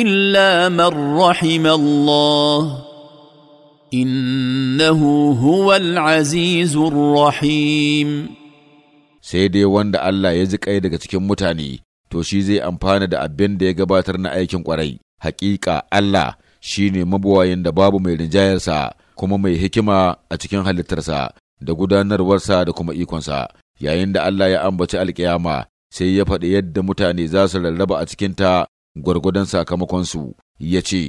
الا من رحم الله انه هو العزيز الرحيم sai dai wanda Allah ya ji kai daga cikin mutane to shi zai amfana da abin da ya gabatar na aikin kwarai hakika Allah shine mabuwayin da babu mai rinjayarsa kuma mai hikima a cikin halittarsa da gudanarwarsa da kuma ikonsa yayin da Allah ya ambaci alkiyama sai ya faɗi yadda mutane za su rarraba a cikinta gwargwadon sakamakonsu ya ce